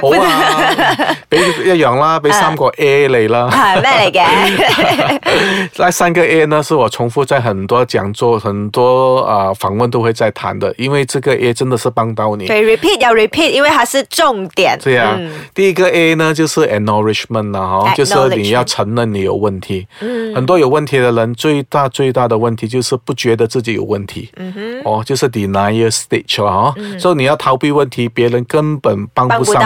不，好啊，一樣啦，俾三個 A 你啦。係咩嚟嘅？那三個 A 呢，是我重複在很多講座、很多啊、呃、訪問都會在談的，因為這個 A 真的是幫到你。對，repeat 要 repeat，因為它是重點。對啊，嗯、第一個 A 呢，就是 anormishment 就是你要承認你有問題。嗯。很多有問題的人最大最大的問題就是不覺得自己有問題。嗯哼。哦，就是 denial s t a t e 啦，哦、嗯，所以你要逃避問題，別人根本幫不上。